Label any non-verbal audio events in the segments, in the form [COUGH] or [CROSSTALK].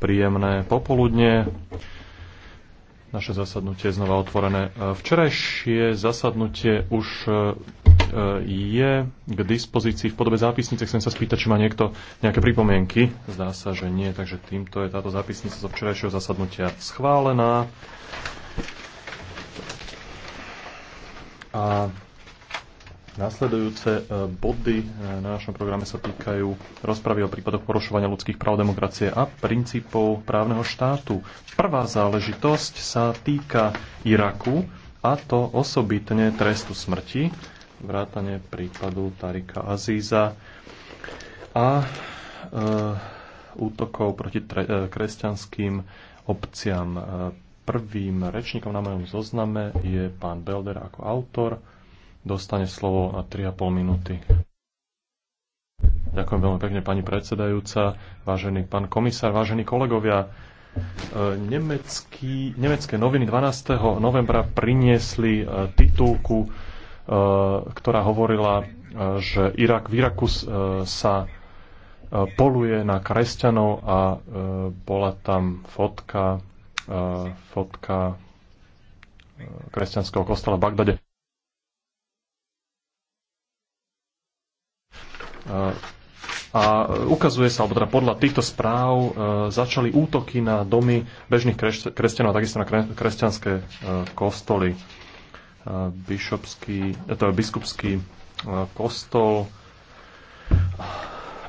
Príjemné popoludne. Naše zasadnutie je znova otvorené. Včerajšie zasadnutie už je k dispozícii v podobe zápisnice. Chcem sa spýtať, či má niekto nejaké pripomienky. Zdá sa, že nie, takže týmto je táto zápisnica zo včerajšieho zasadnutia schválená. A Nasledujúce e, body e, na našom programe sa týkajú rozpravy o prípadoch porušovania ľudských práv demokracie a princípov právneho štátu. Prvá záležitosť sa týka Iraku, a to osobitne trestu smrti vrátane prípadu Tarika Azíza a e, útokov proti tre, e, kresťanským obciam. E, prvým rečníkom na mojom zozname je pán Belder ako autor. Dostane slovo na 3,5 minúty. Ďakujem veľmi pekne, pani predsedajúca, vážený pán komisár, vážení kolegovia. E, nemecký, nemecké noviny 12. novembra priniesli e, titulku Eh, ktorá hovorila, eh, že Irak, v Iraku eh, sa poluje na kresťanov a bola tam fotka, fotka kresťanského kostola v Bagdade. A ukazuje sa, alebo teda podľa týchto správ začali útoky na domy bežných kresťanov a takisto na kresťanské kostoly bišopský, to je biskupský e, kostol,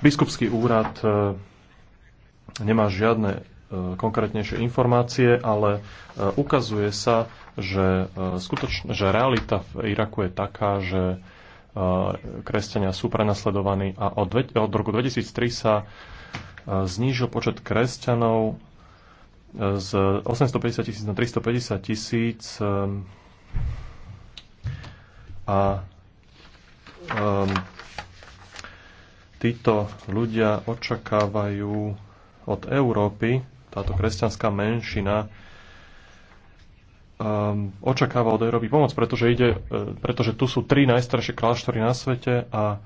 biskupský úrad e, nemá žiadne e, konkrétnejšie informácie, ale ukazuje sa, že, skutočne, že realita v Iraku je taká, že kresťania sú prenasledovaní a od, od roku 2003 sa znížil počet kresťanov z 850 tisíc na 350 tisíc a um, títo ľudia očakávajú od Európy, táto kresťanská menšina, um, očakáva od Európy pomoc, pretože, ide, e, pretože tu sú tri najstaršie kláštory na svete a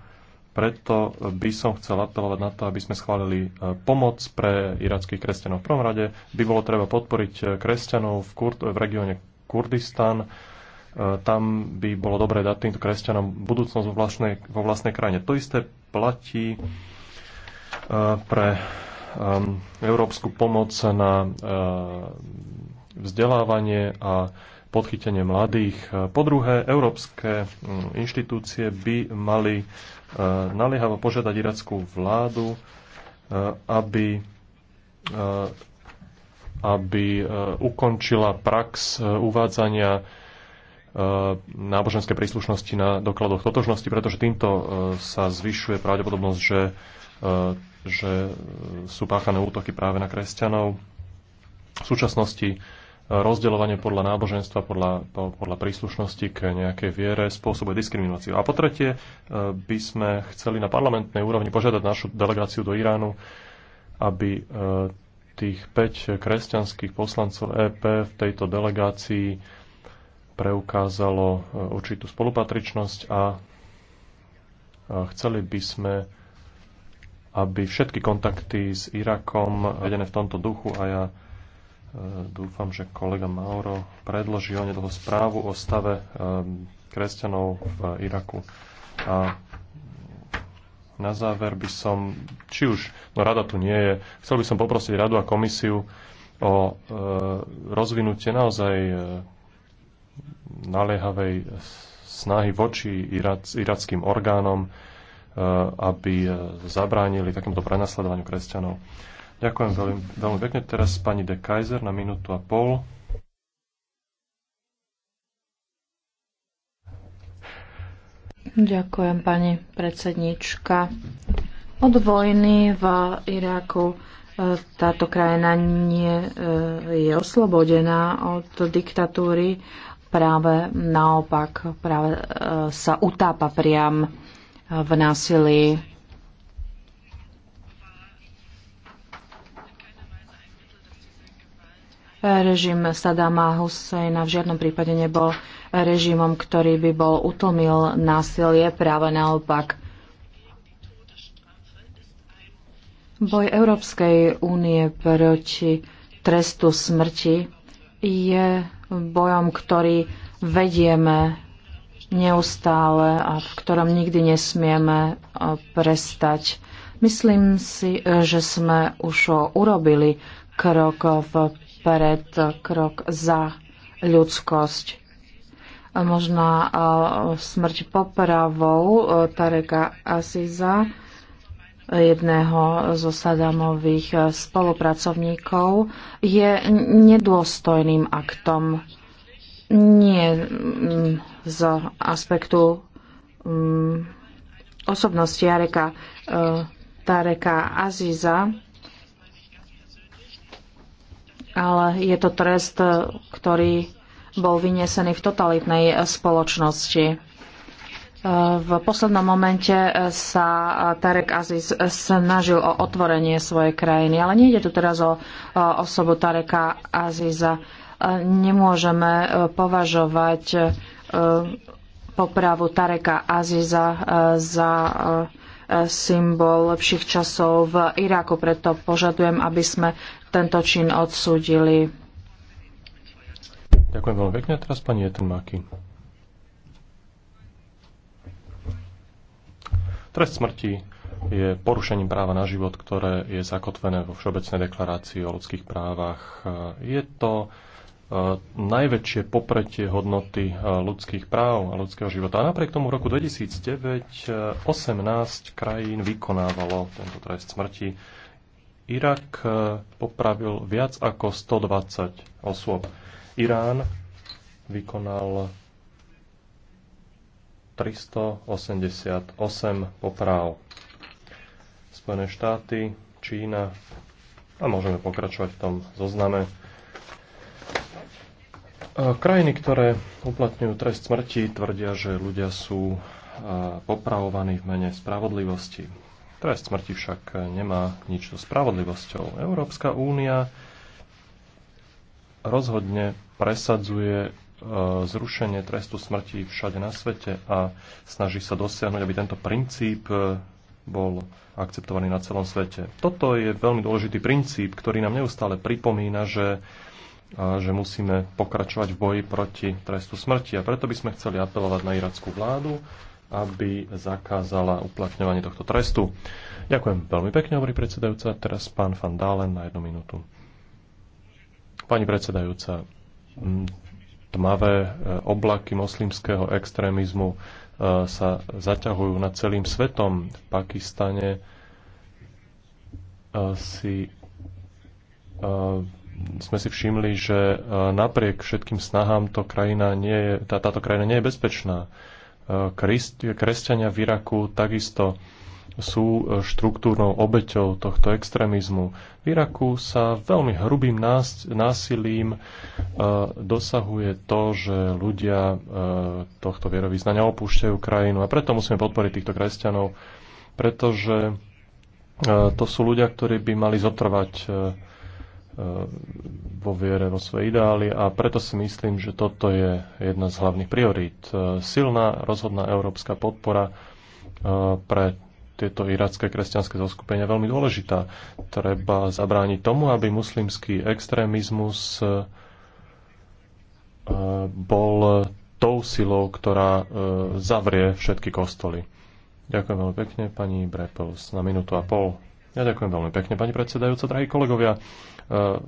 preto by som chcel apelovať na to, aby sme schválili e, pomoc pre irackých kresťanov. V prvom rade by bolo treba podporiť e, kresťanov v, Kur- v regióne Kurdistan, E, tam by bolo dobré dať týmto kresťanom budúcnosť vo vlastnej, vo vlastnej krajine. To isté platí e, pre európsku pomoc na e, vzdelávanie a podchytenie mladých. Po druhé, európske inštitúcie by mali naliehavo požiadať irackú vládu, aby aby ukončila prax uvádzania Eh, náboženské príslušnosti na dokladoch totožnosti, pretože týmto eh, sa zvyšuje pravdepodobnosť, že, eh, že sú páchané útoky práve na kresťanov. V súčasnosti rozdeľovanie podľa náboženstva, podľa, podľa príslušnosti k nejakej viere spôsobuje diskrimináciu. A po tretie by sme chceli na parlamentnej úrovni požiadať našu delegáciu do Iránu, aby tých 5 kresťanských poslancov EP v tejto delegácii preukázalo e, určitú spolupatričnosť a chceli by sme, aby všetky kontakty s Irakom vedené v tomto duchu a ja e, dúfam, že kolega Mauro predloží o nedlho správu o stave e, kresťanov v Iraku. A na záver by som, či už, no rada tu nie je, chcel by som poprosiť radu a komisiu o rozvinutie naozaj naliehavej snahy voči irackým orgánom, eh, aby eh, zabránili takémuto prenasledovaniu kresťanov. Ďakujem veľmi, veľmi pekne. Teraz pani de Kaiser na minútu a pol. Ďakujem, pani predsednička. Od vojny v Iráku eh, táto krajina nie je oslobodená od diktatúry práve naopak, práve e, sa utápa priam e, v násilí. Režim Sadama Husseina v žiadnom prípade nebol režimom, ktorý by bol utlmil násilie, práve naopak. Boj Európskej únie proti trestu smrti je bojom, ktorý vedieme neustále a v ktorom nikdy nesmieme e, prestať. Myslím si, e, že sme už urobili krok vpred, krok za ľudskosť. E, možná smrť popravou Tareka Asiza jedného zo Sadamových eh, spolupracovníkov je nedôstojným aktom. Nie mm, z aspektu mm, osobnosti Jareka eh, Tareka Aziza, ale je to trest, eh, ktorý bol vyniesený v totalitnej spoločnosti. V poslednom momente e, sa e, Tarek Aziz snažil o otvorenie svojej krajiny, ale nejde tu teraz o osobu Tareka Aziza. E, nemôžeme považovať popravu Tareka Aziza za symbol lepších časov v Iraku. Preto požadujem, aby sme tento čin odsúdili. Ďakujem veľmi pekne. Teraz pani Etenmáky. Trest smrti je porušením práva na život, ktoré je zakotvené vo Všeobecnej deklarácii o ľudských právach. Je to e, najväčšie popretie hodnoty e, ľudských práv a ľudského života. A napriek tomu v roku 2009 18 e, krajín vykonávalo tento trest smrti. Irak popravil viac ako 120 osôb. Irán vykonal 388 popráv. Spojené štáty, Čína a môžeme pokračovať v tom zozname. Krajiny, ktoré uplatňujú trest smrti, tvrdia, že ľudia sú popravovaní v mene spravodlivosti. Trest smrti však nemá nič so spravodlivosťou. Európska únia rozhodne presadzuje E, zrušenie trestu smrti všade na svete a snaží sa dosiahnuť, aby tento princíp e, bol akceptovaný na celom svete. Toto je veľmi dôležitý princíp, ktorý nám neustále pripomína, že, že musíme pokračovať v boji proti trestu smrti. A preto by sme chceli apelovať na irackú vládu, aby zakázala uplatňovanie tohto trestu. Ďakujem veľmi pekne, hovorí predsedajúca. Teraz pán Van na jednu minútu. Pani predsedajúca, tmavé e, oblaky moslimského extrémizmu e, sa zaťahujú nad celým svetom. V Pakistane e, si, sme si všimli, že napriek všetkým snahám to krajina nie je, tá, táto krajina nie je bezpečná. Kresťania v Iraku takisto sú e, štruktúrnou obeťou tohto extrémizmu. V Iraku sa veľmi hrubým násilím e, dosahuje to, že ľudia e, tohto vierovýznania opúšťajú krajinu a preto musíme podporiť týchto kresťanov, pretože to sú ľudia, ktorí by mali zotrvať vo viere, vo svoje ideály a preto si myslím, že toto je jedna z hlavných priorít. Silná rozhodná európska podpora pre tieto iracké kresťanské zoskupenia veľmi dôležitá. Treba zabrániť tomu, aby muslimský extrémizmus e, bol tou silou, ktorá e, zavrie všetky kostoly. Ďakujem veľmi pekne, pani Brepels, na minútu a pol. Ja ďakujem veľmi pekne, pani predsedajúca, drahí kolegovia. E,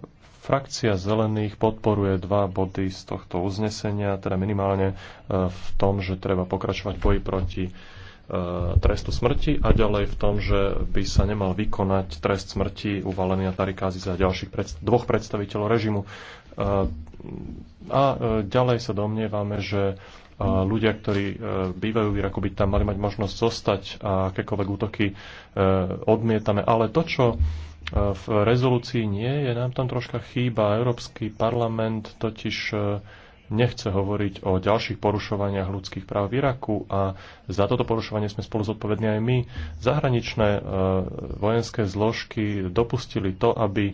frakcia zelených podporuje dva body z tohto uznesenia, teda minimálne v tom, že treba pokračovať boji proti E, trestu smrti a ďalej v tom, že by sa nemal vykonať trest smrti uvalený na Tarikázi za ďalších predst- dvoch predstaviteľov režimu. E, a e, ďalej sa domnievame, že ľudia, ktorí bývajú v Iraku, by tam mali mať možnosť zostať a akékoľvek útoky odmietame. Ale to, čo v rezolúcii nie je, nám tam troška chýba. Európsky parlament totiž nechce hovoriť o ďalších porušovaniach ľudských práv v Iraku a za toto porušovanie sme spolu zodpovední aj my. Zahraničné e, vojenské zložky dopustili to, aby e,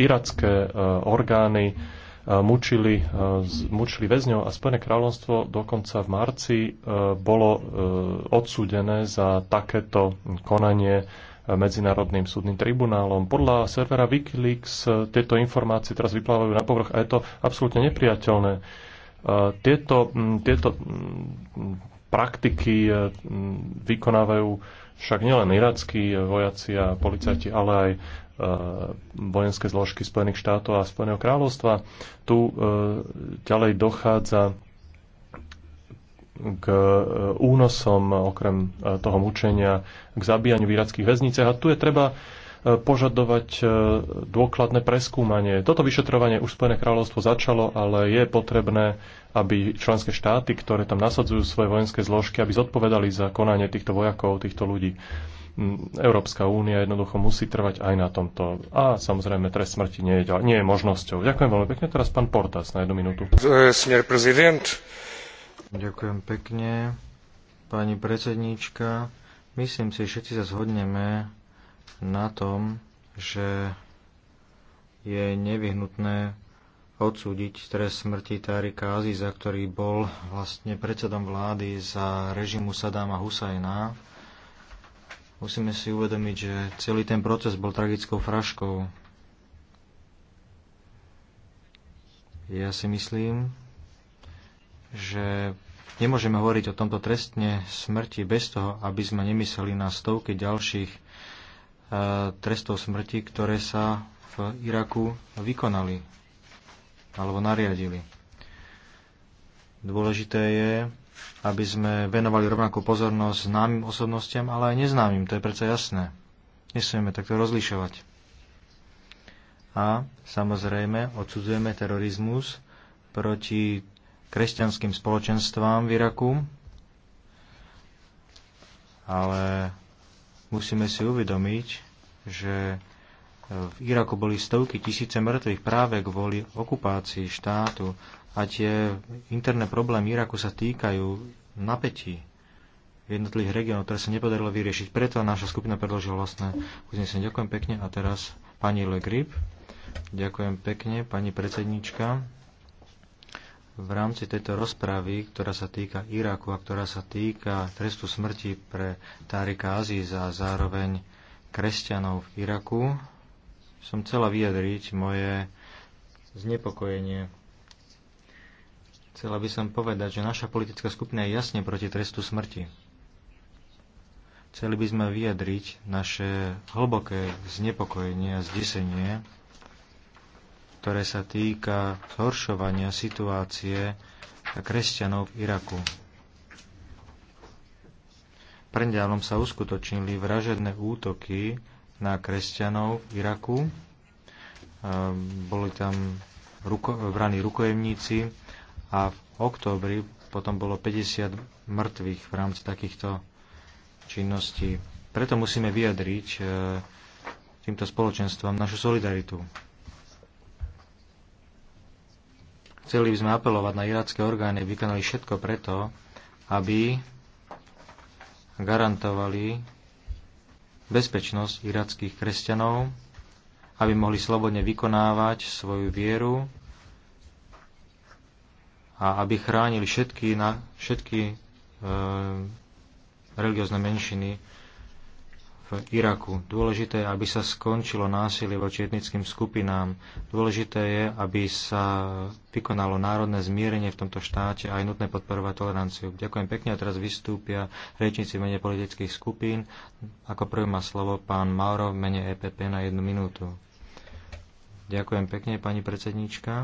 iracké e, orgány mučili, mučili väzňov a Spojené kráľovstvo dokonca v marci bolo odsúdené za takéto konanie Medzinárodným súdnym tribunálom. Podľa servera Wikileaks e, tieto informácie teraz vyplávajú na povrch a je to absolútne nepriateľné. E, tieto, tieto praktiky e, vykonávajú však nielen irackí vojaci a policajti, ale aj vojenské zložky Spojených štátov a Spojeného kráľovstva. Tu ďalej dochádza k e, únosom, okrem e, toho mučenia, k zabíjaniu v irackých väzniciach. A tu je treba e, požadovať dôkladné preskúmanie. Toto vyšetrovanie už Spojené kráľovstvo začalo, ale je potrebné, aby členské štáty, ktoré tam nasadzujú svoje vojenské zložky, aby zodpovedali za konanie týchto vojakov, týchto ľudí. Mm, Európska únia jednoducho musí trvať aj na tomto. A samozrejme, trest smrti nie je, nie je možnosťou. Ďakujem veľmi pekne. Teraz pán Portas na jednu minútu. Smer prezident. Ďakujem pekne. Pani predsedníčka, myslím si, že všetci sa zhodneme na tom, že je nevyhnutné odsúdiť trest smrti Tarika Aziza, ktorý bol vlastne predsedom vlády za režimu Sadáma Husajna. Musíme si uvedomiť, že celý ten proces bol tragickou fraškou. Ja si myslím, že nemôžeme hovoriť o tomto trestne smrti bez toho, aby sme nemysleli na stovky ďalších e, trestov smrti, ktoré sa v Iraku vykonali alebo nariadili. Dôležité je, aby sme venovali rovnakú pozornosť známym osobnostiam, ale aj neznámym, to je predsa jasné. Nesmieme takto rozlišovať. A samozrejme odsudzujeme terorizmus proti kresťanským spoločenstvám v Iraku, ale musíme si uvedomiť, že v Iraku boli stovky tisíce mŕtvych práve kvôli okupácii štátu a tie interné problémy Iraku sa týkajú napätí jednotlivých regiónov, ktoré sa nepodarilo vyriešiť. Preto naša skupina predložila vlastné uznesenie. Ďakujem pekne a teraz pani Le Grip. Ďakujem pekne, pani predsednička v rámci tejto rozpravy, ktorá sa týka Iraku a ktorá sa týka trestu smrti pre Tárika Aziz a zároveň kresťanov v Iraku, som chcela vyjadriť moje znepokojenie. Chcela by som povedať, že naša politická skupina je jasne proti trestu smrti. Chceli by sme vyjadriť naše hlboké znepokojenie a zdesenie ktoré sa týka zhoršovania situácie kresťanov v Iraku. Prendialom sa uskutočnili vražedné útoky na kresťanov v Iraku. E, boli tam ruko, braní rukojemníci a v októbri potom bolo 50 mŕtvych v rámci takýchto činností. Preto musíme vyjadriť e, týmto spoločenstvom našu solidaritu. Chceli by sme apelovať na iracké orgány, aby vykonali všetko preto, aby garantovali bezpečnosť irackých kresťanov, aby mohli slobodne vykonávať svoju vieru a aby chránili všetky, na, všetky e, religiózne menšiny v Iraku. Dôležité je, aby sa skončilo násilie voči etnickým skupinám. Dôležité je, aby sa vykonalo národné zmierenie v tomto štáte a je nutné podporovať toleranciu. Ďakujem pekne a teraz vystúpia rečníci mene politických skupín. Ako prvý má slovo pán Mauro v mene EPP na jednu minútu. Ďakujem pekne, pani predsednička.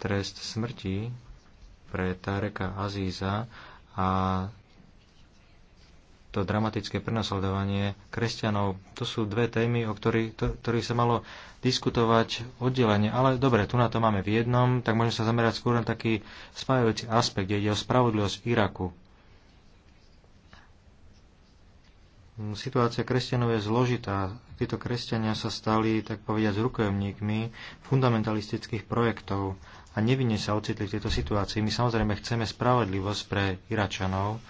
Trest smrti pre Tareka Azíza a to dramatické prenasledovanie kresťanov. To sú dve témy, o ktorých, to, ktorých sa malo diskutovať oddelenie. Ale dobre, tu na to máme v jednom, tak môžeme sa zamerať skôr na taký spájajúci aspekt, kde ide o spravodlivosť Iraku. Situácia kresťanov je zložitá. Títo kresťania sa stali, tak povediať, rukojemníkmi fundamentalistických projektov a nevinne sa ocitli v tejto situácii. My samozrejme chceme spravodlivosť pre Iračanov,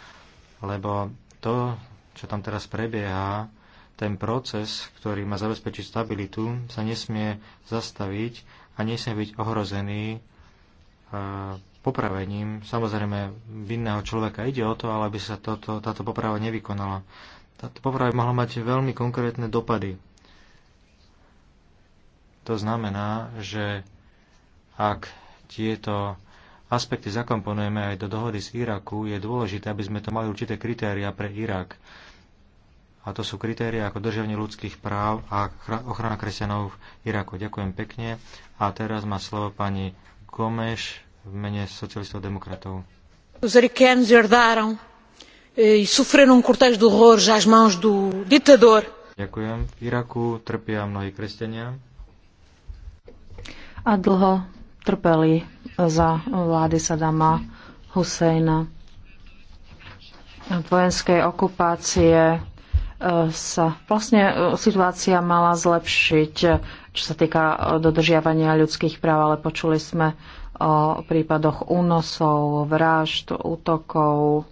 lebo to, čo tam teraz prebieha, ten proces, ktorý má zabezpečiť stabilitu, sa nesmie zastaviť a nesmie byť ohrozený e, popravením. Samozrejme, vinného človeka ide o to, ale aby sa toto, táto poprava nevykonala. Táto poprava mohla mať veľmi konkrétne dopady. To znamená, že ak tieto aspekty zakomponujeme aj do dohody z Iraku, je dôležité, aby sme to mali určité kritéria pre Irak. A to sú kritéria ako držanie ľudských práv a ochrana kresťanov v Iraku. Ďakujem pekne. A teraz má slovo pani Gomeš v mene socialistov demokratov. Os herdaram eh, e sofreram um cortejo de horrores às mãos do ditador. Ďakujem. V Iraku trpia mnohí kresťania. A dlho trpeli za vlády Sadama Husejna. Vojenské vojenskej okupácie e, sa vlastne e, situácia mala zlepšiť, e, čo sa týka dodržiavania ľudských práv, ale počuli sme o prípadoch únosov, vražd, útokov.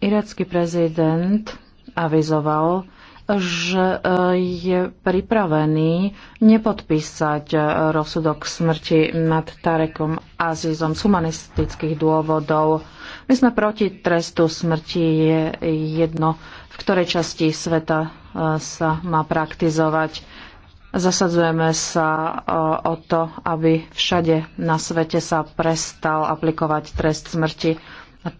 Iracký prezident avizoval, že e, je pripravený nepodpísať e, rozsudok smrti nad Tarekom Azizom z humanistických dôvodov. My sme proti trestu smrti, je jedno, v ktorej časti sveta e, sa má praktizovať. Zasadzujeme sa o to, aby všade na svete sa prestal aplikovať trest smrti,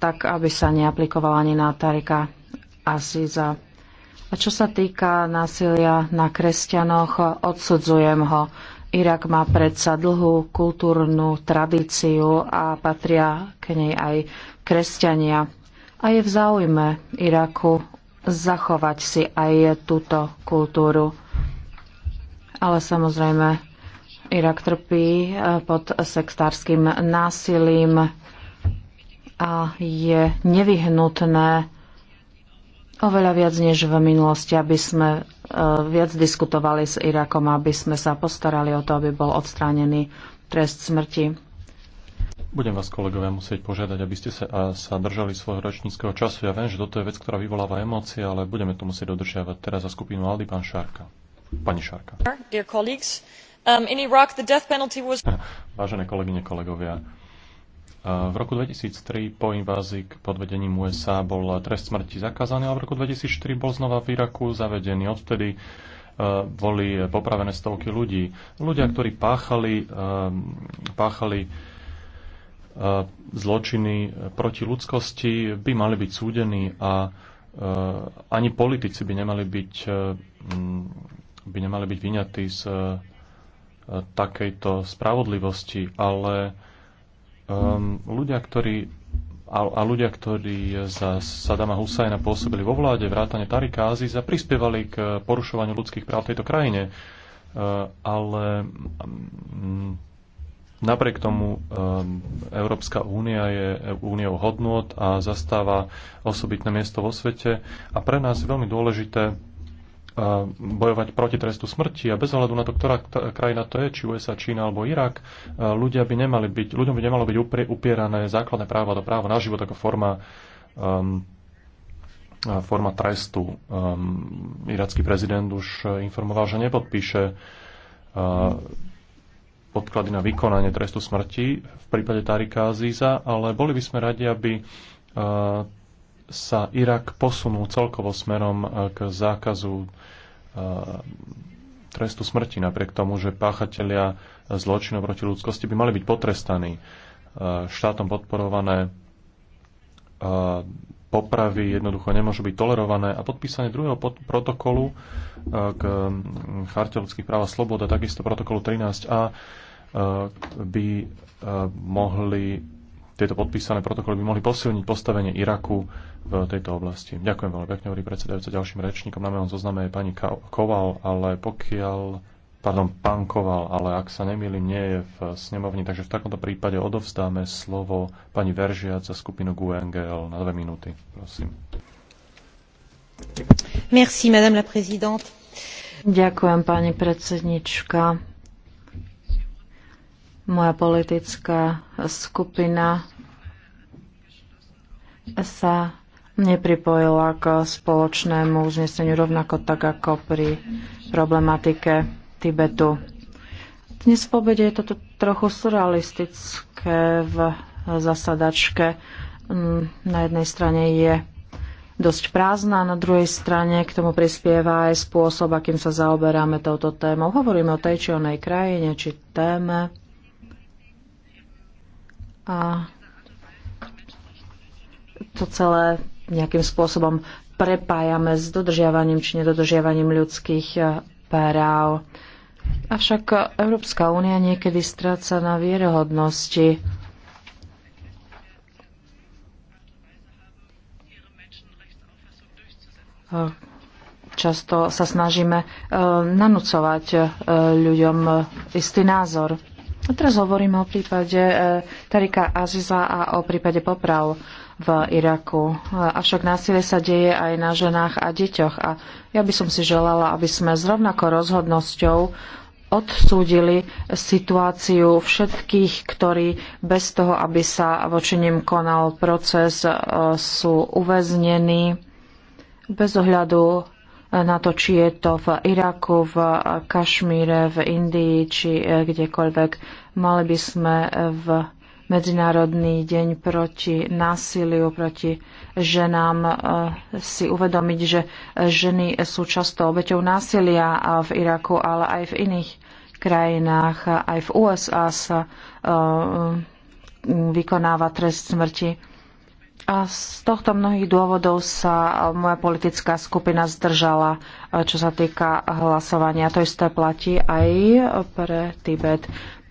tak aby sa neaplikoval ani na Tarika Aziza. A čo sa týka násilia na kresťanoch, odsudzujem ho. Irak má predsa dlhú kultúrnu tradíciu a patria k nej aj kresťania. A je v záujme Iraku zachovať si aj túto kultúru. Ale samozrejme, Irak trpí e, pod sektárským násilím a je nevyhnutné oveľa viac než v minulosti, aby sme e, viac diskutovali s Irakom, aby sme sa postarali o to, aby bol odstránený trest smrti. Budem vás, kolegovia, musieť požiadať, aby ste sa, sa držali svojho ročníckého času. Ja viem, že toto je vec, ktorá vyvoláva emócie, ale budeme to musieť dodržiavať. Teraz za skupinu Aldy pán Šárka. Pani Šárka. Um, [LAUGHS] Vážené kolegyne, kolegovia, v roku 2003 po invázii k podvedením USA bol trest smrti zakázaný, ale v roku 2004 bol znova v Iraku zavedený. Odvtedy e, boli popravené stovky ľudí. Ľudia, ktorí páchali, e, páchali e, zločiny proti ľudskosti, by mali byť súdení a ani politici by nemali byť, by nemali byť vyňatí z takejto spravodlivosti, ale um, ľudia, ktorí a, a ľudia, ktorí za Sadama Husajna pôsobili vo vláde, vrátane Tarika Aziza, prispievali k eh, porušovaniu ľudských práv v tejto krajine. Uh, ale um, Napriek tomu eh, Európska únia je úniou hodnot a zastáva osobitné miesto vo svete a pre nás je veľmi dôležité bojovať proti trestu smrti a bez ohľadu na to, ktorá krajina to je, či USA, Čína alebo Irak, e, ľudia by nemali byť, ľuďom by nemalo byť upierané základné práva do právo na život ako forma um, forma trestu. Um, iracký prezident už e, informoval, že nepodpíše uh, podklady na vykonanie trestu smrti v prípade Tarika Aziza, ale boli by sme radi, aby uh, sa Irak posunul celkovo smerom e, k zákazu e, trestu smrti, napriek tomu, že páchatelia zločinov proti ľudskosti by mali byť potrestaní. E, štátom podporované popravy jednoducho nemôžu byť tolerované a podpísanie druhého pod- protokolu k Charte ľudských práv a slobod a takisto protokolu 13a by mohli tieto podpísané protokoly by mohli posilniť postavenie Iraku v tejto oblasti. Ďakujem veľmi pekne, hovorí predsedajúca. Ďalším rečníkom na mojom zozname je pani Koval, ale pokiaľ pardon, pán Koval, ale ak sa nemýlim, nie je v snemovni, takže v takomto prípade odovzdáme slovo pani Veržiac za skupinu GUNGL na dve minúty. Prosím. Merci, madame la présidente. Ďakujem, pani predsednička moja politická skupina sa nepripojila k spoločnému uzneseniu rovnako tak ako pri problematike Tibetu. Dnes v obede je toto trochu surrealistické v zasadačke. Mm, na jednej strane je dosť prázdna. Na druhej strane k tomu prispieva aj spôsob, akým sa zaoberáme touto témou. Hovoríme o tej či onej krajine, či téme a to celé nejakým spôsobom prepájame s dodržiavaním či nedodržiavaním ľudských eh, práv. Avšak Európska únia niekedy stráca na vierohodnosti. Eh, často sa snažíme eh, nanúcovať ľuďom istý názor. A teraz hovoríme o prípade e, Tarika Aziza a o prípade poprav v Iraku. E, avšak násilie sa deje aj na ženách a deťoch. A ja by som si želala, aby sme s rovnakou rozhodnosťou odsúdili situáciu všetkých, ktorí bez toho, aby sa voči nim konal proces, e, sú uväznení bez ohľadu na to, či je to v Iraku, v Kašmíre, v Indii či e, kdekoľvek. Mali by sme e, v Medzinárodný deň proti násiliu, proti ženám e, si uvedomiť, že ženy sú často obeťou násilia v Iraku, ale aj v iných krajinách. Aj v USA sa vykonáva trest smrti a z tohto mnohých dôvodov sa moja politická skupina zdržala, e, čo sa týka hlasovania. To isté platí aj pre Tibet.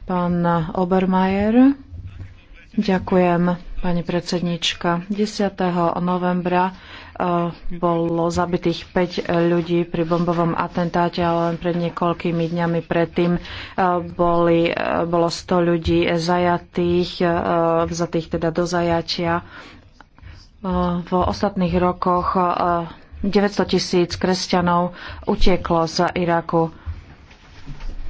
Pán Obermajer, ďakujem, pani predsednička. 10. novembra e, bolo zabitých 5 ľudí pri bombovom atentáte, ale len pred niekoľkými dňami predtým e, boli, bolo 100 ľudí zajatých, vzatých teda do zajatia v ostatných rokoch 900 tisíc kresťanov utieklo z Iraku.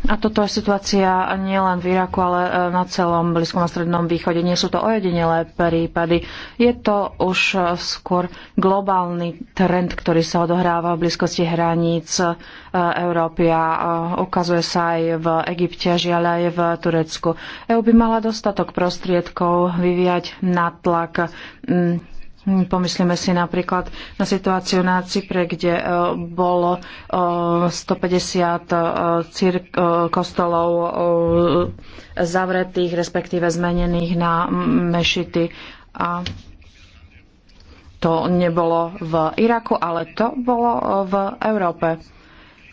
A toto je situácia nielen v Iraku, ale e, na celom Blízkom a Strednom východe. Nie sú to ojedinelé prípady. Je to už e, skôr globálny trend, ktorý sa odohráva v blízkosti hraníc e, Európy a ukazuje sa aj v Egypte, žiaľ aj v Turecku. EU by mala dostatok prostriedkov vyvíjať natlak Hm, pomyslíme si napríklad na situáciu na Cypre, kde e, bolo 150 e, e, cír- kostolov zavretých, respektíve zmenených na mešity. A to nebolo v Iraku, ale to bolo v Európe.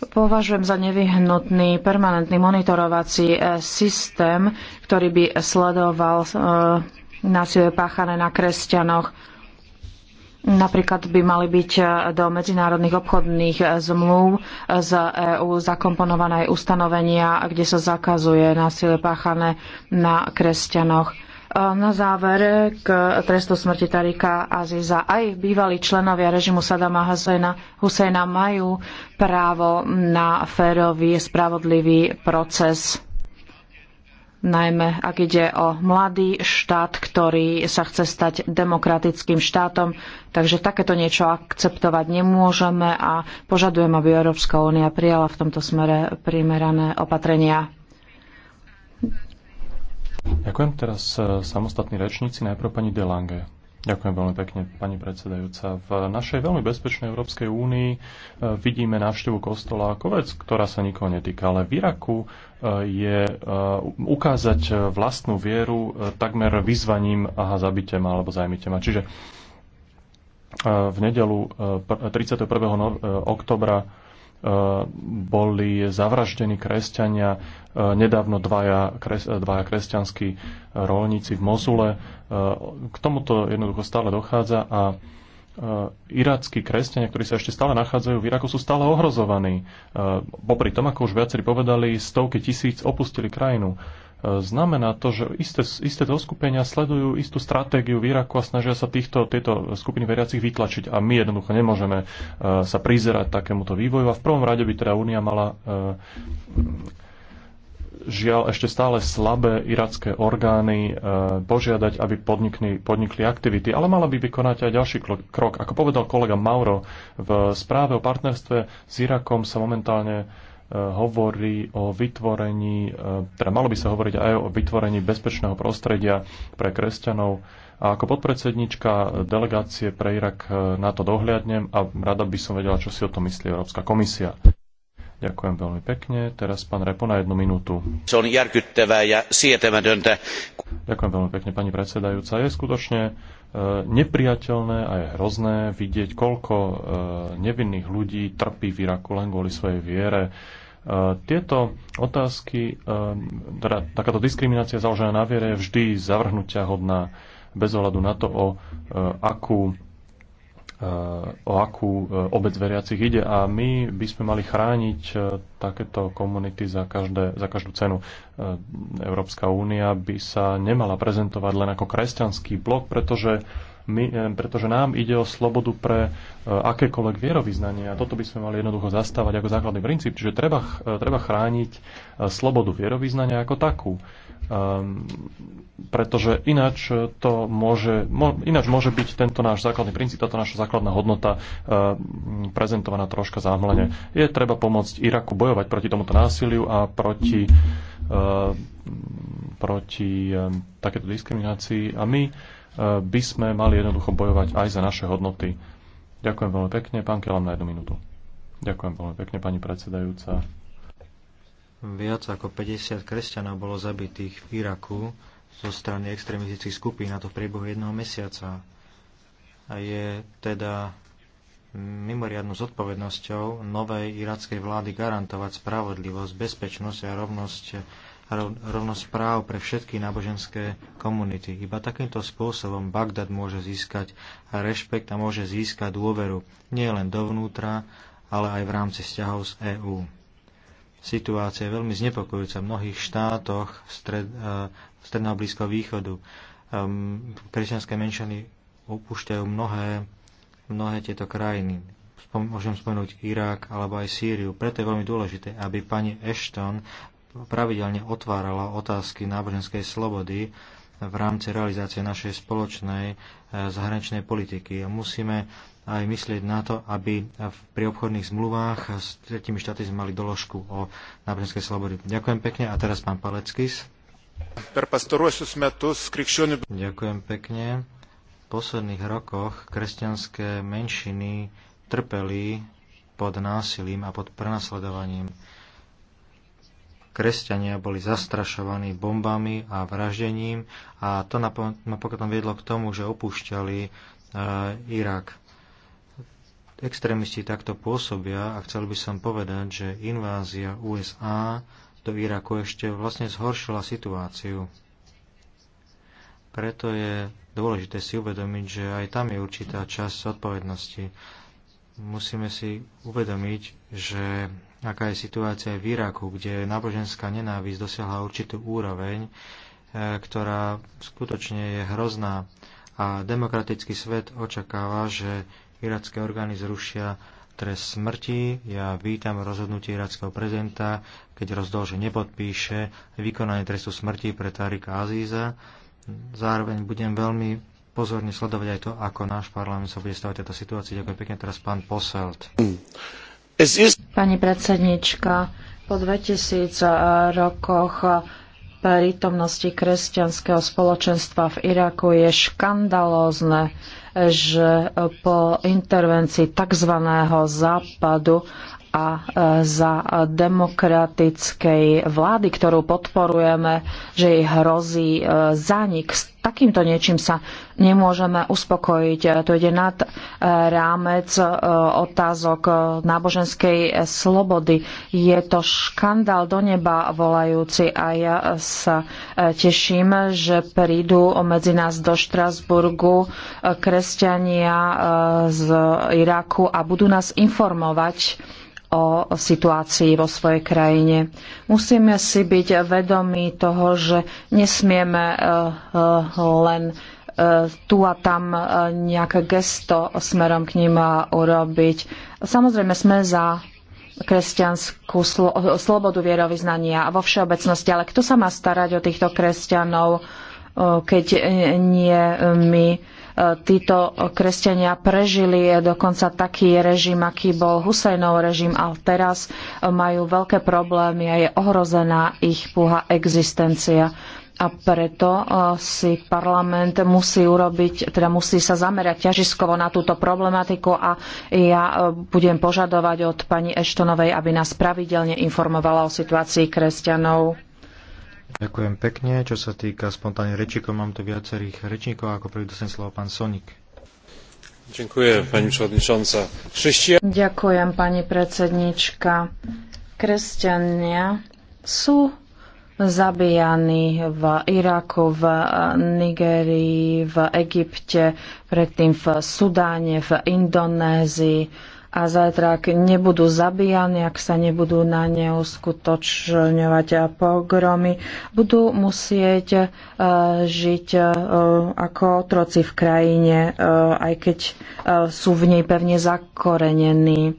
Považujem za nevyhnutný permanentný monitorovací systém, ktorý by sledoval násilie páchané na kresťanoch Napríklad by mali byť e, do medzinárodných obchodných e, zmluv e, z EÚ zakomponované ustanovenia, kde sa zakazuje násilie páchané na kresťanoch. Na záver k trestu smrti Tarika Aziza. Aj bývalí členovia režimu Sadama Husejna majú právo na férový, spravodlivý proces najmä ak ide o mladý štát, ktorý sa chce stať demokratickým štátom. Takže takéto niečo akceptovať nemôžeme a požadujem, aby Európska únia prijala v tomto smere primerané opatrenia. Ďakujem. Teraz e, samostatní rečníci, najprv pani Delange. Ďakujem veľmi pekne, pani predsedajúca. V našej veľmi bezpečnej Európskej únii e, vidíme návštevu kostola ako vec, ktorá sa nikoho netýka, ale v Iraku e, je e, ukázať vlastnú vieru takmer vyzvaním aha, zabite ma alebo zajmite ma. Čiže v nedelu 31. No-, oktobra boli zavraždení kresťania. E, nedávno dvaja, kres, dvaja kresťanskí rolníci v Mozule. E, k tomuto jednoducho stále dochádza a e, irackí kresťania, ktorí sa ešte stále nachádzajú v Iraku, sú stále ohrozovaní. Popri tom, ako už viacerí povedali, stovky tisíc opustili krajinu znamená to, že isté, isté to skupenia sledujú istú stratégiu v Iraku a snažia sa týchto, tieto skupiny veriacich vytlačiť. A my jednoducho nemôžeme e, sa prizerať takémuto vývoju. A v prvom rade by teda Únia mala e, žiaľ ešte stále slabé iracké orgány e, požiadať, aby podnikli, podnikli aktivity, ale mala by vykonať aj ďalší krok. Ako povedal kolega Mauro, v správe o partnerstve s Irakom sa momentálne E, hovorí o vytvorení, e, teda malo by sa hovoriť aj o vytvorení bezpečného prostredia pre kresťanov. A ako podpredsednička delegácie pre Irak e, na to dohliadnem a rada by som vedela, čo si o tom myslí Európska komisia. Ďakujem veľmi pekne. Teraz pán Repo na jednu minútu. Ďakujem veľmi pekne, pani predsedajúca. Je skutočne nepriateľné a je hrozné vidieť, koľko nevinných ľudí trpí v Iraku len kvôli svojej viere Eh, tieto otázky, eh, teda takáto diskriminácia založená na viere je vždy zavrhnutia hodná bez ohľadu na to, o eh, akú o akú obec veriacich ide a my by sme mali chrániť takéto komunity za, každé, za každú cenu. Európska únia by sa nemala prezentovať len ako kresťanský blok, pretože my, eh, pretože nám ide o slobodu pre eh, akékoľvek vierovýznanie a toto by sme mali jednoducho zastávať ako základný princíp. Čiže treba, eh, treba chrániť slobodu vierovýznania ako takú. Um, pretože ináč to môže, mo, ináč môže byť tento náš základný princíp, táto naša základná hodnota uh, prezentovaná troška zámlene. Je treba pomôcť Iraku bojovať proti tomuto násiliu a proti, uh, proti um, takéto diskriminácii a my by sme mali jednoducho bojovať aj za naše hodnoty. Ďakujem veľmi pekne. Pán Kelam na jednu minútu. Ďakujem veľmi pekne, pani predsedajúca. Viac ako 50 kresťanov bolo zabitých v Iraku zo strany extrémistických skupín, a to v priebehu jedného mesiaca. A je teda mimoriadnou zodpovednosťou novej irackej vlády garantovať spravodlivosť, bezpečnosť a rovnosť rovnosť práv pre všetky náboženské komunity. Iba takýmto spôsobom Bagdad môže získať rešpekt a môže získať dôveru nie len dovnútra, ale aj v rámci vzťahov z EÚ. Situácia je veľmi znepokojúca v mnohých štátoch stred, e, stredného blízko východu. Um, kresťanské menšiny opúšťajú mnohé, mnohé tieto krajiny môžem spomenúť Irak alebo aj Sýriu. Preto je veľmi dôležité, aby pani Ashton pravidelne otvárala otázky náboženskej slobody v rámci realizácie našej spoločnej eh, zahraničnej politiky. Musíme aj myslieť na to, aby pri obchodných zmluvách s tretími štátmi sme mali doložku o náboženskej slobody. Ďakujem pekne a teraz pán Paleckis. Ďakujem pekne. V posledných rokoch kresťanské menšiny trpeli pod násilím a pod prenasledovaním kresťania boli zastrašovaní bombami a vraždením a to napokon viedlo k tomu, že opúšťali e, Irak. Extrémisti takto pôsobia a chcel by som povedať, že invázia USA do Iraku ešte vlastne zhoršila situáciu. Preto je dôležité si uvedomiť, že aj tam je určitá časť odpovednosti. Musíme si uvedomiť, že aká je situácia v Iraku, kde náboženská nenávisť dosiahla určitú úroveň, e, ktorá skutočne je hrozná a demokratický svet očakáva, že iracké orgány zrušia trest smrti. Ja vítam rozhodnutie irackého prezidenta, keď rozdol, že nepodpíše vykonanie trestu smrti pre Tarika Azíza. Zároveň budem veľmi pozorne sledovať aj to, ako náš parlament sa bude stavať tejto situácii. Ďakujem pekne teraz pán Poselt. Mm. Pani predsednička, po 2000 eh, rokoch prítomnosti kresťanského spoločenstva v Iraku je škandalózne, že po intervencii tzv. západu a e, za demokratickej vlády, ktorú podporujeme, že jej hrozí e, zánik. S takýmto niečím sa nemôžeme uspokojiť. E, to ide nad rámec otázok náboženskej slobody. Je to škandál do neba volajúci a ja sa teším, že prídu medzi nás do Štrasburgu kresťania z Iraku a budú nás informovať o situácii vo svojej krajine. Musíme si byť vedomí toho, že nesmieme eh, eh, len eh, tu a tam nejaké gesto smerom k ním urobiť. Samozrejme sme za kresťanskú slo- slobodu vierovýznania vo všeobecnosti, ale kto sa má starať o týchto kresťanov, keď nie my? títo kresťania prežili dokonca taký režim, aký bol Husajnov režim, ale teraz majú veľké problémy a je ohrozená ich púha existencia a preto eh, si parlament musí urobiť, teda musí sa zamerať ťažiskovo na túto problematiku a ja eh, budem požadovať od pani Eštonovej, aby nás pravidelne informovala o situácii kresťanov. Ďakujem pekne. Čo sa týka spontánnych rečíkov, mám tu viacerých rečníkov, ako prvý dostane slovo pán Sonik. Ďakujem, pani predsednička. Chryštia... Ďakujem, pani predsednička. Kresťania sú zabíjani v Iraku, v Nigerii, v Egypte, predtým v Sudáne, v Indonézii a zajtra, ak nebudú zabíjani, ak sa nebudú na ne uskutočňovať pogromy, budú musieť e, žiť e, ako otroci v krajine, e, aj keď sú v nej pevne zakorenení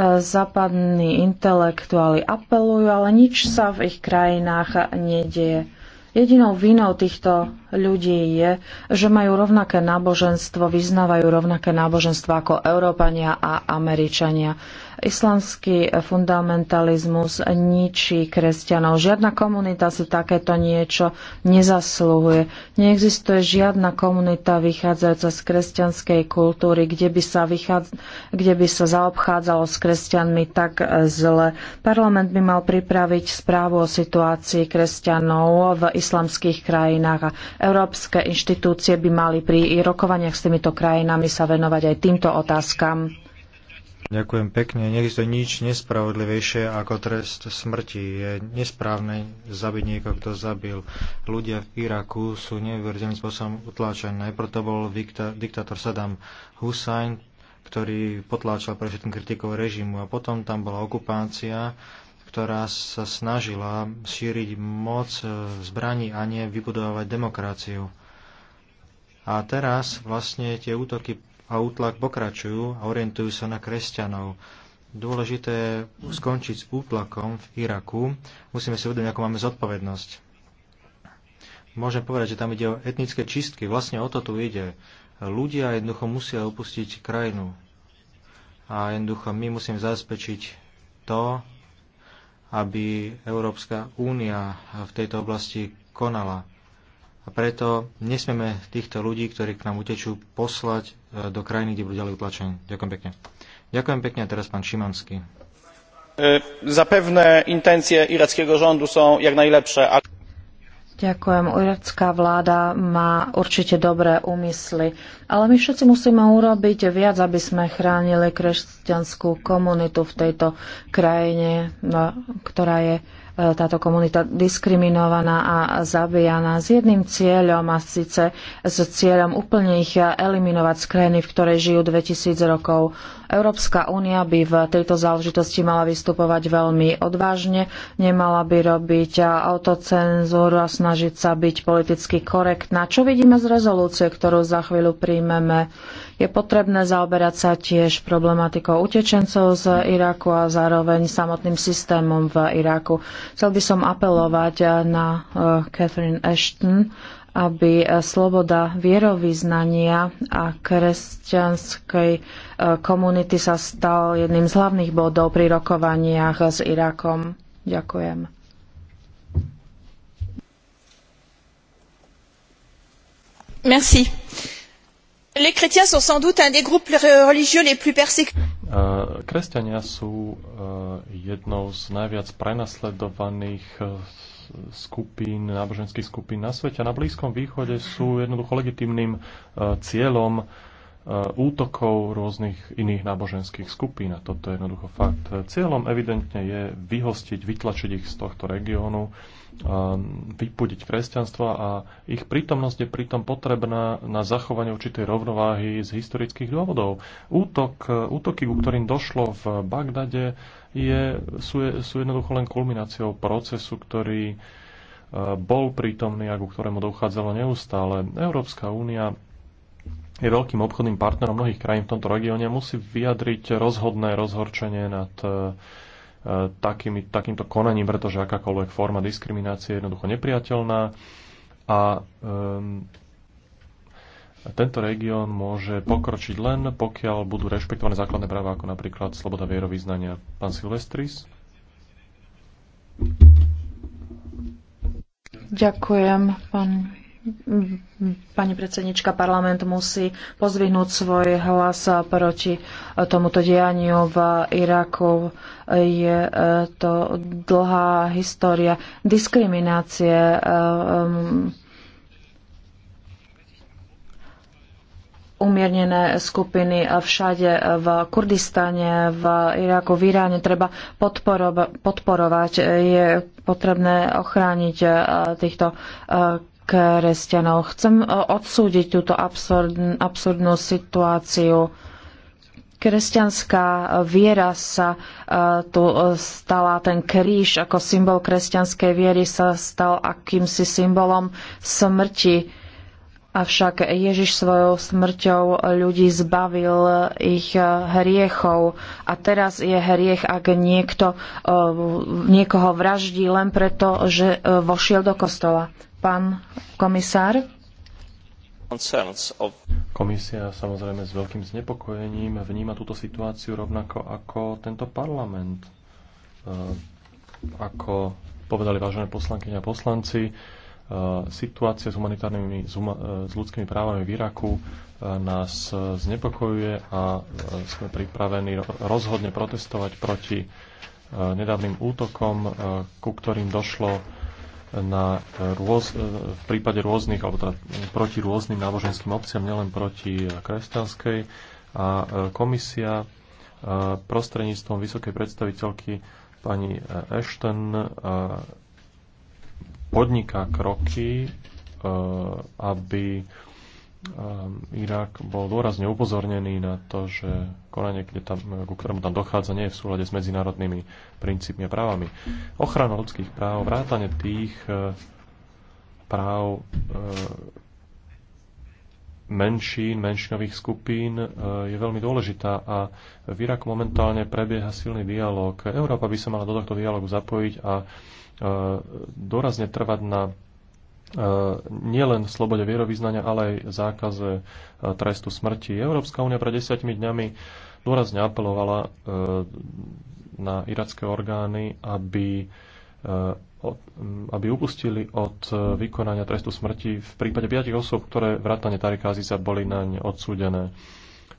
západní intelektuáli apelujú, ale nič sa v ich krajinách nedieje. Jedinou vinou týchto ľudí je, že majú rovnaké náboženstvo, vyznávajú rovnaké náboženstvo ako Európania a Američania. Islamský fundamentalizmus ničí kresťanov. Žiadna komunita si takéto niečo nezaslúhuje. Neexistuje žiadna komunita vychádzajúca z kresťanskej kultúry, kde by sa, vychádz- kde by sa zaobchádzalo s kresťanmi tak zle. Parlament by mal pripraviť správu o situácii kresťanov v islamských krajinách. A európske inštitúcie by mali pri rokovaniach s týmito krajinami sa venovať aj týmto otázkam. Ďakujem pekne. Neexistuje nič nespravodlivejšie ako trest smrti. Je nesprávne zabiť niekoho, kto zabil. Ľudia v Iraku sú neuveriteľným spôsobom utláčaní. Najprv to bol diktátor Saddam Hussein, ktorý potláčal pre všetkým kritikov režimu a potom tam bola okupácia ktorá sa snažila šíriť moc e, zbraní a nie vybudovať demokraciu. A teraz vlastne tie útoky a útlak pokračujú a orientujú sa na kresťanov. Dôležité je skončiť s útlakom v Iraku. Musíme si uvedomiť, ako máme zodpovednosť. Môžem povedať, že tam ide o etnické čistky. Vlastne o to tu ide. Ľudia jednoducho musia opustiť krajinu. A jednoducho my musíme zabezpečiť to, aby Európska únia v tejto oblasti konala. A preto nesmieme týchto ľudí, ktorí k nám utečú, poslať e, do krajiny, kde budú ďalej utlačení. Ďakujem pekne. Ďakujem pekne a teraz pán Šimanský. E, zapewne intencje irackiego rządu są jak najlepsze. Ďakujem. Iracká vláda má určite dobré úmysly, ale my všetci musíme urobiť viac, aby sme chránili kresťanskú komunitu v tejto krajine, no, ktorá je e, táto komunita diskriminovaná a zabíjana s jedným cieľom a síce s cieľom úplne ich eliminovať z krajiny, v ktorej žijú 2000 rokov. Európska únia by v tejto záležitosti mala vystupovať veľmi odvážne, nemala by robiť autocenzúru a snažiť sa byť politicky korektná. Čo vidíme z rezolúcie, ktorú za chvíľu príjmeme? Je potrebné zaoberať sa tiež problematikou utečencov z Iraku a zároveň samotným systémom v Iraku. Chcel by som apelovať na eh, Catherine Ashton, aby e, sloboda vierovýznania a kresťanskej e, komunity sa stal jedným z hlavných bodov pri rokovaniach s Irakom. Ďakujem. Merci. Les chrétiens sont sans doute un des groupes religieux les plus persécutés. E, kresťania sú jednou z najviac prenasledovaných skupín, náboženských skupín na svete. A na Blízkom východe sú jednoducho legitimným e, cieľom e, útokov rôznych iných náboženských skupín. A toto je jednoducho fakt. Cieľom evidentne je vyhostiť, vytlačiť ich z tohto regiónu, e, vypudiť kresťanstvo a ich prítomnosť je pritom potrebná na zachovanie určitej rovnováhy z historických dôvodov. Útok, útoky, ku ktorým došlo v Bagdade, je, sú, sú jednoducho len kulmináciou procesu, ktorý e, bol prítomný a ku ktorému dochádzalo neustále. Európska únia je veľkým obchodným partnerom mnohých krajín v tomto regióne a musí vyjadriť rozhodné rozhorčenie nad e, e, takými, takýmto konaním, pretože akákoľvek forma diskriminácie je jednoducho nepriateľná a um, tento región môže pokročiť len, pokiaľ budú rešpektované základné práva, ako napríklad sloboda vierovýznania. Pán Silvestris. Ďakujem, pán Pani predsednička, parlament musí pozvihnúť svoj hlas proti tomuto dianiu v Iraku. Je e, to dlhá história diskriminácie e, umiernené skupiny všade v Kurdistane, v Iraku, v Iráne treba podporovať. Je potrebné ochrániť e, týchto e, kresťanov. Chcem e, odsúdiť túto absurd, absurdnú situáciu. Kresťanská viera sa tu stala, ten kríž ako symbol kresťanskej viery sa stal akýmsi symbolom smrti Avšak Ježiš svojou smrťou ľudí zbavil ich eh, hriechov a teraz je hriech, ak niekto eh, niekoho vraždí len preto, že eh, vošiel do kostola. Pán komisár? Komisia samozrejme s veľkým znepokojením vníma túto situáciu rovnako ako tento parlament. ako povedali vážené poslankyne a poslanci, Eh, situácia s, humanitárnymi, s, eh, s ľudskými právami v Iraku eh, nás znepokojuje a sme pripravení rozhodne protestovať proti nedávnym útokom, ku ktorým došlo na rôz, v prípade rôznych, alebo teda proti rôznym náboženským obciam, nielen proti kresťanskej. A komisia prostredníctvom vysokej predstaviteľky pani Ashton podniká kroky, e, aby e, Irak bol dôrazne upozornený na to, že konanie, kde tam, ku ktorému tam dochádza, nie je v súlade s medzinárodnými princípmi a právami. Ochrana ľudských práv, vrátanie tých e, práv menšín, menšinových skupín je veľmi dôležitá a v Iraku momentálne prebieha silný dialog. Európa by sa mala do tohto dialogu zapojiť a Eh, dôrazne trvať na eh, nielen slobode vierovýznania, ale aj zákaze eh, trestu smrti. Európska únia pred desiatimi dňami dôrazne apelovala na iracké orgány, aby, mm, aby upustili od vykonania trestu smrti v prípade piatich osôb, ktoré vrátane Tarikázy sa boli na ne odsúdené.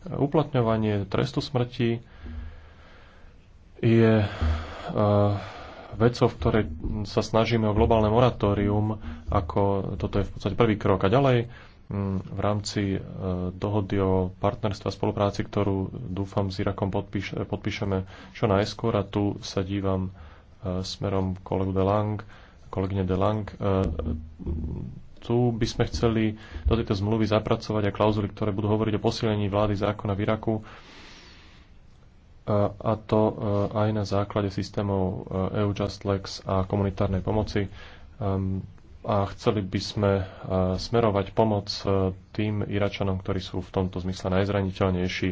Uplatňovanie trestu smrti je vecov, v ktorej sa snažíme o globálne moratórium, ako toto je v podstate prvý krok. A ďalej mm, v rámci e, dohody o partnerstve a spolupráci, ktorú dúfam s Irakom podpíš, podpíšeme čo najskôr a tu sa dívam e, smerom kolegu De Lang, kolegyne De Lang. E, tu by sme chceli do tejto zmluvy zapracovať a klauzuly, ktoré budú hovoriť o posilení vlády zákona v Iraku a to e, aj na základe systémov EU e Lex a komunitárnej pomoci. Ehm, a chceli by sme e, smerovať pomoc tým Iračanom, ktorí sú v tomto zmysle najzraniteľnejší.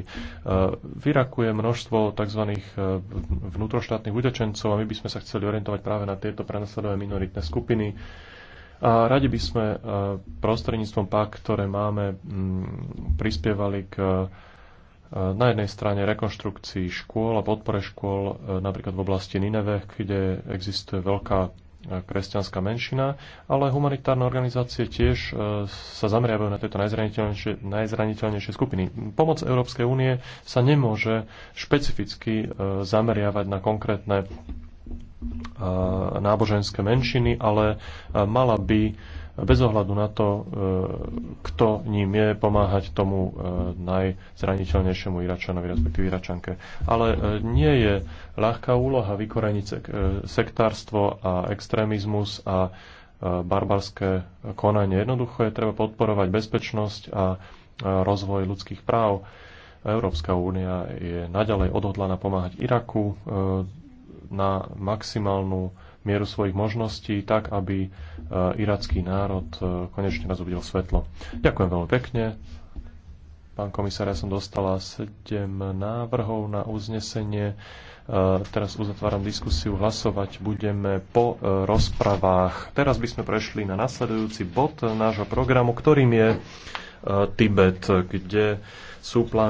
V Iraku je množstvo tzv. vnútroštátnych utečencov a my by sme sa chceli orientovať práve na tieto prenasledové minoritné skupiny. A radi by sme prostredníctvom PAK, ktoré máme, prispievali k Eh, na jednej strane rekonštrukcii škôl a podpore škôl eh, napríklad v oblasti Nineve, kde existuje veľká eh, kresťanská menšina, ale humanitárne organizácie tiež sa zameriavajú na tieto najzraniteľnejšie, najzraniteľnejšie skupiny. Pomoc Európskej únie sa nemôže špecificky zameriavať na konkrétne náboženské menšiny, ale mala by bez ohľadu na to, e, kto ním je, pomáhať tomu e, najzraniteľnejšiemu Iračanovi, respektíve Iračanke. Ale e, nie je ľahká úloha vykoreniť sektárstvo a extrémizmus a barbarské konanie. Jednoducho je treba podporovať bezpečnosť a rozvoj ľudských práv. Európska únia je naďalej odhodlaná pomáhať Iraku na maximálnu mieru svojich možností, tak aby e, iracký národ e, konečne raz uvidel svetlo. Ďakujem veľmi pekne. Pán komisár, ja som dostala 7 návrhov na uznesenie. E, teraz uzatváram diskusiu. Hlasovať budeme po rozpravách. Teraz by sme prešli na nasledujúci bod nášho programu, ktorým je Tibet, kde sú plány